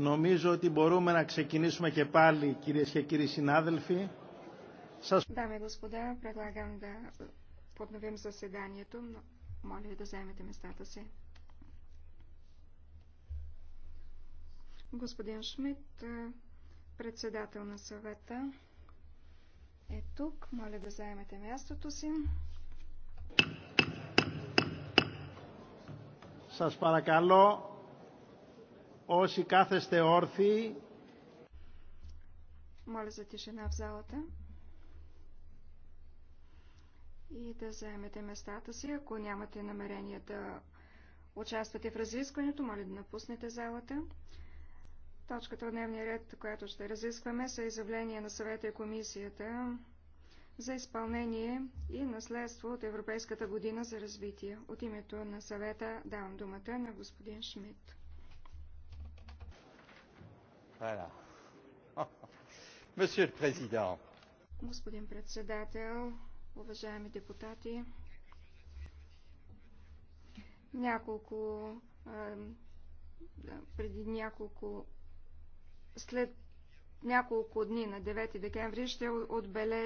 Νομίζω ότι μπορούμε να ξεκινήσουμε και πάλι, κυρίε και κύριοι συνάδελφοι. Σας... Дами господа, предлагам да подновим заседанието. Моля ви да вземете местата си. Господин Шмидт, председател на съвета, е тук. Моля да заемете мястото си. Σας παρακαλώ Όσοι κάθεστε όρθιοι. Моля за тишина в залата. И да заемете местата си. Ако нямате намерение да участвате в разискването, моля да напуснете залата. Точката от дневния ред, която ще разискваме, са изявления на съвета и комисията за изпълнение и наследство от Европейската година за развитие. От името на съвета давам думата на господин Шмидт. Voilà. Monsieur le Président. Господин председател, уважаеми депутати, няколко преди няколко след няколко дни на 9 декември ще отбележим